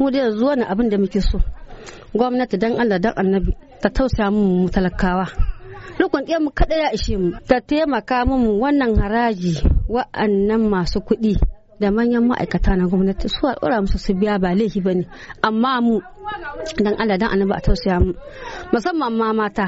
mu da yanzu wani abin da muke so gwamnati dan Allah dan annabi ta tausaya mu talakawa rukun ɗaya mu kaɗai ya ishe mu ta taimaka mu wannan haraji wa'annan masu kuɗi da manyan ma'aikata na gwamnati su a musu su biya ba laifi ba ne amma mu dan Allah dan annabi a tausaya mu musamman ma mata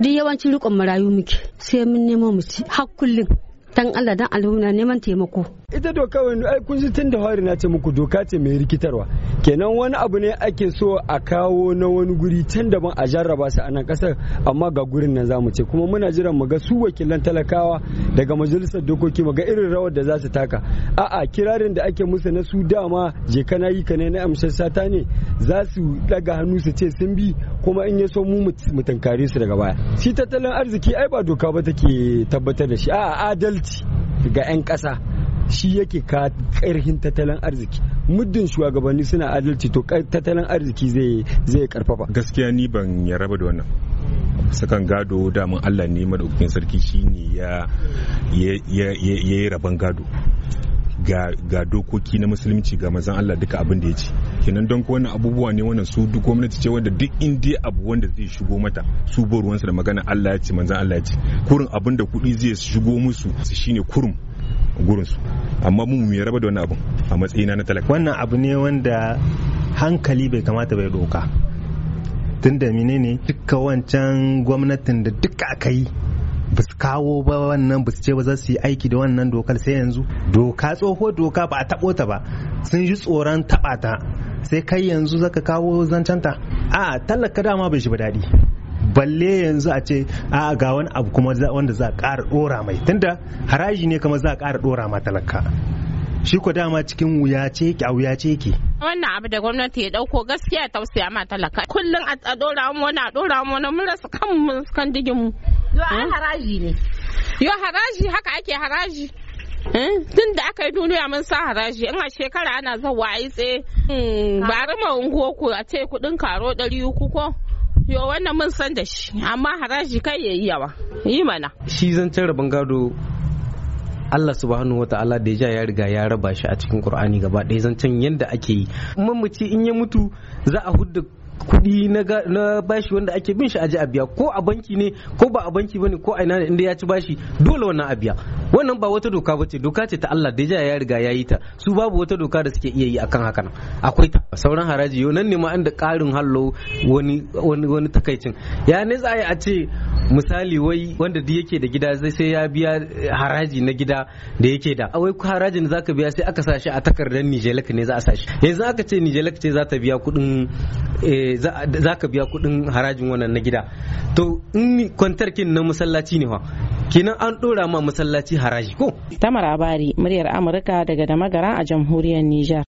duk yawancin rikon marayu muke sai mun nemo mu ci har kullum dan Allah dan alhu na neman taimako ita doka wani ai kun ji tun da hori na ce muku doka ce mai rikitarwa kenan wani abu ne ake so a kawo na wani guri can daban a jarraba su a nan kasar amma ga gurin nan zamu ce kuma muna jiran mu ga su wakilan talakawa daga majalisar dokoki mu ga irin rawar da za su taka a'a kirarin da ake musu na su dama je kana yi ka ne na amsar sata ne za su daga hannu su ce sun bi kuma in ya so mu mu su daga baya shi tattalin arziki ai ba doka ba take tabbatar da shi a'a adalci adalci ga 'yan ƙasa shi yake ka ƙarfin tattalin arziki muddin shugabanni suna adalci to tattalin arziki zai karfafa gaskiya ni ban yaraba da wannan sakan gado damin allah ne madaukakin sarki shine ya ya ya rabon gado ga dokoki na musulunci ga mazan Allah duka abin da ya ce kenan don wannan abubuwa ne wannan su duk gwamnati ce wanda duk indiya abu wanda zai shigo mata su boruwansu da magana Allah ya ce manzan Allah ya ce kurin abin da kuɗi zai shigo musu shine kurum gurinsu amma mu mu raba da wannan abun a matsayina na talaka wannan abu ne wanda hankali bai kamata bai doka tunda menene duka wancan gwamnatin da duka aka yi ba su kawo ba wannan ba su ce ba za su yi aiki da wannan dokar sai yanzu doka tsoho doka ba a taɓo ta ba sun ji tsoron taɓa ta sai kai yanzu zaka kawo zancanta a talaka dama bai shi ba daɗi balle yanzu a ce a ga wani abu kuma wanda za a ƙara ɗora mai tunda haraji ne kama za a ƙara ɗora ma talaka shi ko dama cikin wuya ce ki a wuya ce ki wannan abu da gwamnati ya dauko gaskiya tausaya ma talaka kullum a ɗora mu wani a ɗora mu wani mun rasa kan mu kan digin mu Yo haraji ne. Yo haraji haka ake haraji. Eh, tun da aka yi duniya mun sa haraji in a shekara ana zawa hmm. a yi ba Bari unguwa ku a ce kuɗin karo ɗari uku ko. Yo wannan mun san da shi amma haraji kai ya yi yawa. Yi mana. Shi zancen rabin gado Allah subhanahu wa ta'ala da ya ya riga ya raba shi a cikin Qur'ani gaba ɗaya can yadda ake yi. Mamaci in ya mutu za a hudu. kuɗi na bashi wanda ake bin shi aje a biya ko a banki ne ko ba a banki ne ko a ina ne inda ya ci bashi dole wannan a biya wannan ba wata doka ba ce doka ce ta Allah da ya riga ya yi ta su babu wata doka da suke iya yi akan hakan akwai ta sauran haraji yau nan ne ma inda karin hallo wani wani takaicin ya ne za a yi a ce misali wai wanda duk yake da gida sai ya biya eh, haraji na gida da yake da wai harajin zaka biya sai aka sa a takardar Nijelak ne za a sa shi yanzu aka ce Nijelak ce za ta biya kuɗin eh, za ka biya kuɗin harajin wannan na gida to in kwantarkin na masallaci ne fa Kinan an ɗora ma masallaci haraji ko? Tamar Abari, muryar Amurka daga Damagara a jamhuriyar Nijar.